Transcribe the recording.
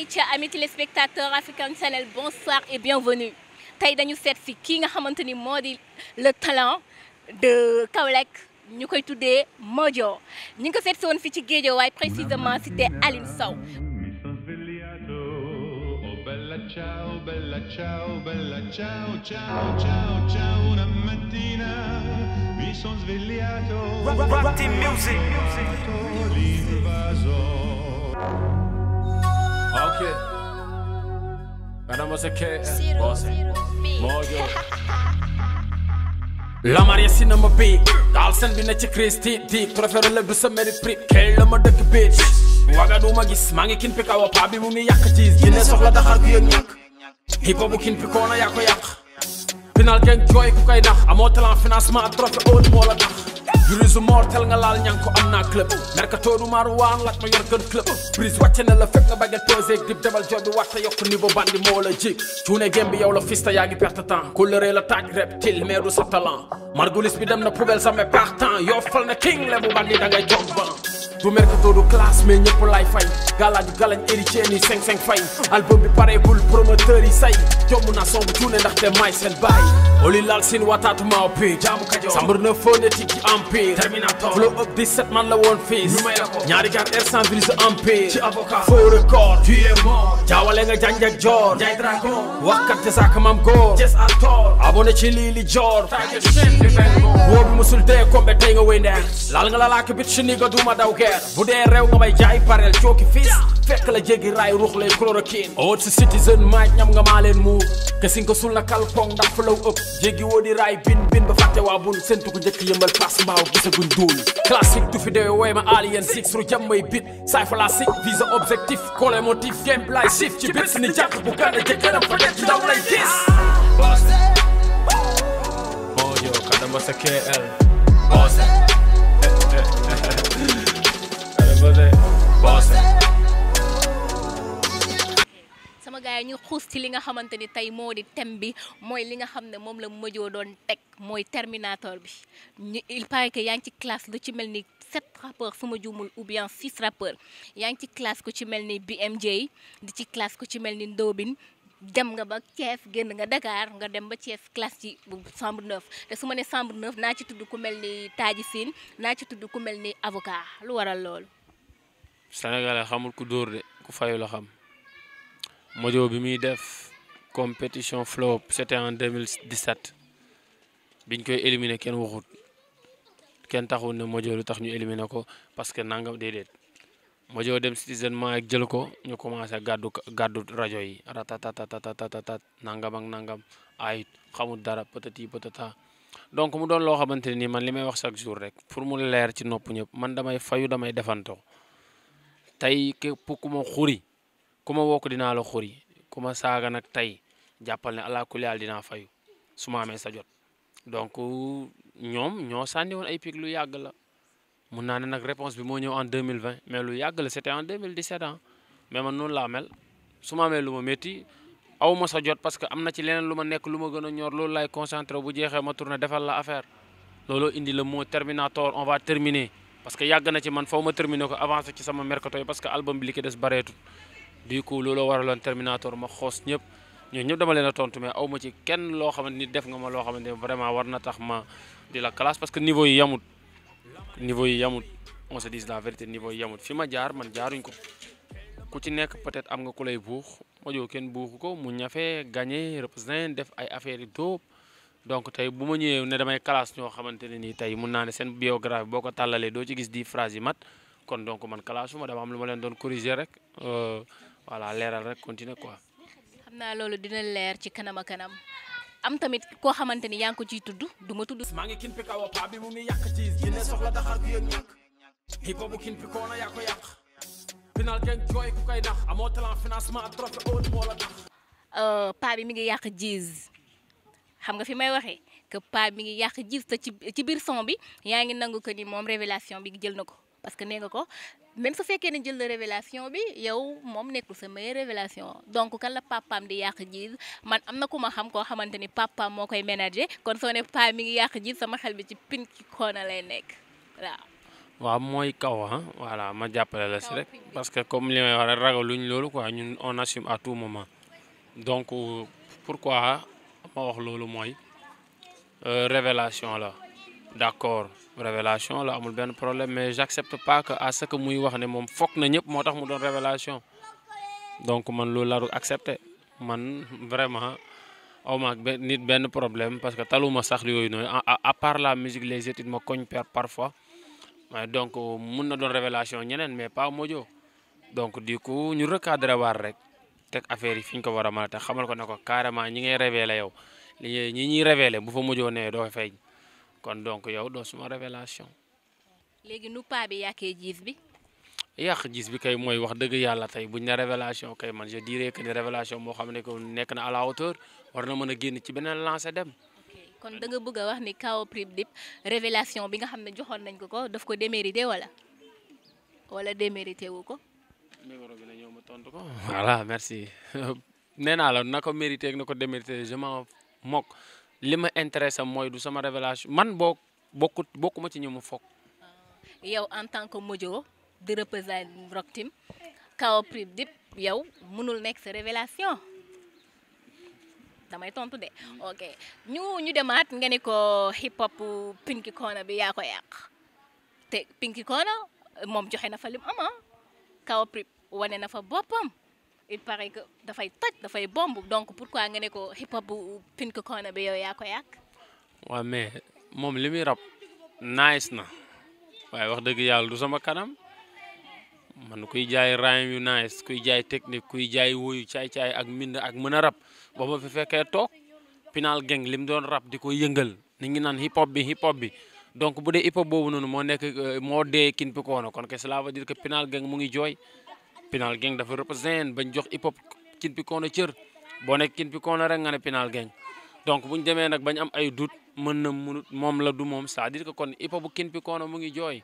Aïcha amis téléspectateurs African Channel bonsoir et bienvenue tey dañu seet si kii nga xamante ni moo di le talent de Kaolack ñu koy tuddee Modio ñu ngi ko seet si woon fii ci Guédiawaye précisément cité Aline Sow mi was a kid. Wasn't. Moyo. la Maria si na ma bii daal seen bi na ci Christine di préféré la du sa mérite prix kay la ma dëkk bii waga du ma gis maa ngi kin pi kaw paa bi mu ngi yàq ci dina soxla daxar gu yëg ñàkk hip hop kin pi koona yaa ko yàq final geng jooy ku nax amoo talent financement trophée haute moo la tax brise mortel nga laal ña am naa club mercato du maaruwaan laaj ma yor gën club brise wàcce na la fekk nga bagge toseeg dib debal jor bi waxta yokk niveau bandi moo la jik cuune gém bi la fista yaa ngi perte temps kulëree la taaj reptile mais du sa talent margulis bi dem na poubelle sama partant yoo fal na king le bu bandi da ngay du mercato du classe mais ñëpp lay fay galaaju galañ héritier ni 5 fay album bi pareegul promoteur say jomm na Oli laal seen wataatu maa pii jaamu kajoor sambar na phonétique ci empire terminator man la woon fiis ñu may la ko ñaari gaan air er sans virus empire ci avocat faux record tu es mort jaawale nga janj joor jaay dragon te saaka maam góor jes al tor ci lii joor woo musul dee kombe tey nga wéy ndeer laal nga la laak bit si ni nga duma daw geer bu dee réew nga may jaay pareel cooki fiis fekk la jéggi raay ruux lay chloroquine oot oh, si citizen maaj ñam nga maa leen muur ke si nga sul na kalpong ndax fa law ëpp jéggi woo di raay bin bin ba fàtte waa bun sentu ko njëkk yëmbal pass mbaaw gisaguñ duul classique du fi dewe ma alien ru jam bit saay fa la sick visa objectif kole motif game lay shift ci bit si ni jàq bu gànna jëkkëram fa nekk ndaw lay gis Bojo, kadamba sa KL waaye ñu xuus ci li nga xamante ni tey moo di thème bi mooy li nga xam ne moom la mu majoo doon teg mooy Terminator bi ñu il paraît que yaa ngi ci classe lu ci mel ni sept rappeurs su ma juumul ou bien six rappeurs yaa ngi ci classe ku ci mel ni BMJ di ci classe ku ci mel ni Ndobin dem nga ba Thiès génn nga Dakar nga dem ba Thiès classe ci chambre te su ma ne chambre neuf naa ci tudd ku mel ni Taaji Sine naa ci tudd ku mel ni avocat lu waral loolu. Sénégalais xamul ku dóor de mojo bi muy def compétition flop c'était en 2017 biñ koy éliminer kenn waxut kenn taxul ne mojo lu tax ñu éliminer ko parce que nangam déedéet mojo dem citizen ma ak jël ko ñu commencé gàddu gàddu rajo yi ratatatatatatatat nangam ak nangam ay xamul dara patati patata donc mu doon loo xamante ne nii man li may wax chaque jour rek pour mu leer ci nopp ñëpp man damay fayu damay defantoo tey képp ku ma xuri ku ma ko dinaa la xuri ku ma saaga nag tey jàppal ne allah kulli dinaa fayu su ma amee sa jot donc ñoom ñoo sànni woon ay lu yàgg la mun naa ne nag réponse bi moo ñëw en 2020 mais lu yàgg la c'était en 2017 ans ah. mais man noonu laa mel su ma amee lu ma métti aw ma sa jot parce que am na ci leneen lu ma nekk lu ma gën a ñor loolu laay concentré bu jeexee ma tourné defal la affaire looloo indi la moo terminator on va terminer que yàgg na ci man faw ma terminer ko avancé ci sama mercato yi parce que album li des bareetul du coup looloo waraloon Terminator ma xoos ñëpp ñoo ñëpp dama leen a tontu mais aw ma ci kenn loo xamante ni def nga ma loo xamante ne vraiment war na tax ma di la classe parce que niveau yi yamut niveau yi yamut on se dise la vérité niveau yi yamut fi ma jaar man jaaruñ ko ku ci nekk peut-être am nga ku lay buux Mojo kenn buuxu ko mu ñafe gagné représenté def ay affaire yu dóob donc tey bu ma ñëwee ne damay classe ñoo xamante ne nii tey mun naa ne seen biographie boo ko tàllalee doo ci gis di phrase yi mat kon donc man classe ma dama am lu ma leen doon corriger rek. Euh, voilà leeral rek continuer quoi. xam naa loolu dina leer ci kanam kanam. am tamit koo xamante ni yaa ngi ko ciy tudd du ma tudd. maa ngi kin pi kaw paa bi mu ngi yàq ci yaa ko yàq final geng jooy ku euh, bi mi ngi yàq jiis xam nga fi may waxee que paa bi mi ngi yàq jiis te ci ci biir son bi yaa ngi nangu ko ni moom révélation bi jël na ko. parce que nee nga ko même su fekkee ne jël la révélation bi yow moom nekkul sa meilleure révélation donc kan la papaam di yàq jiis man am na ku ma xam koo xamante ni papaam moo koy ménager kon soo ne paa mi ngi yàq jiis sama xel bi ci pin ki koona lay nekk waaw. mooy kaw ah voilà ma jàppale la si rek parce que comme li may wax rek loolu quoi ñun on assume à tout moment donc pourquoi ma wax loolu mooy euh, révélation la d'accord révélation la amul benn problème mais j'accepte pas que à ce que muy wax ne moom fok na ñëpp moo tax mu doon révélation donc man loolu laru accepté man vraiment au ma ak nit benn problème parce que taluma sax yooyu noonu à par la musique les études ma koñ parfois donc mun na doon révélation ñeneen mais pas Modio donc du coup ñu recadré waar rek teg affaire yi fi ñu ko war a mën a teg xamal ko ne ko carrément ñi ngay révélé yow li ñi ñuy révélé bu fa Modio nee doo feeñ kon donc yow doo suma révélation léegi nu paa bi yàqee gis bi. yàq jiis bi kay mooy wax dëgg yàlla tey buñ ne révélation kay man je dirais que moo xam ne que nekk na à la hauteur war na mën a génn ci beneen lancé dem. kon da nga bëgg a wax ni Kao Prip Dip révélation bi nga xam ne joxoon nañ ko ko daf ko démérité wala wala démérité ko. numéro bi la ñëw ma tontu ko. voilà merci nee la na ko mérité ak na ko démérité je m'en li ma intéressé mooy du sama révélation man boo bokkut bokkuma ci ñu mu foog. yow en tant que Modio di représenter Rock Team K.O Prip yow mënul nekk sa révélation damay tontu de ok ñu ñu demaat nga ni ko hip hop Pinky Koona bi yaa ko yàq te Pinky Koona moom joxe na fa lim ama ah. K.O Prip wane na fa boppam. il paraît que dafay toj dafay bomb donc pourquoi nga ne ko hip hop bu Pink Corner yow yaa ko yàq. waaw mais moom li muy rab nice na waaye wax dëgg yàlla du sama kanam man kuy jaay rhyme yu nice kuy jaay technique kuy jaay woyu caay-caay ak mbind ak mën a rab ba ma fi fekkee toog Pinal Gang li mu doon rab di ko yëngal ni ngi naan hip hop bi hip bi. donc bu dee hip hop boobu noonu moo nekk euh, moo dee King Corner kon que cela veut dire que Pinal Gang mu ngi jooy Pinal Gang dafa représente bañ jox hip hop kin pi koona cër boo nekk kin pi koona rek nga ne Pinal donc bu ñu demee nag bañ am ay doute mën na munut moom la du moom c'est-à-dire que kon hip hop kin pi koona mu ngi jooy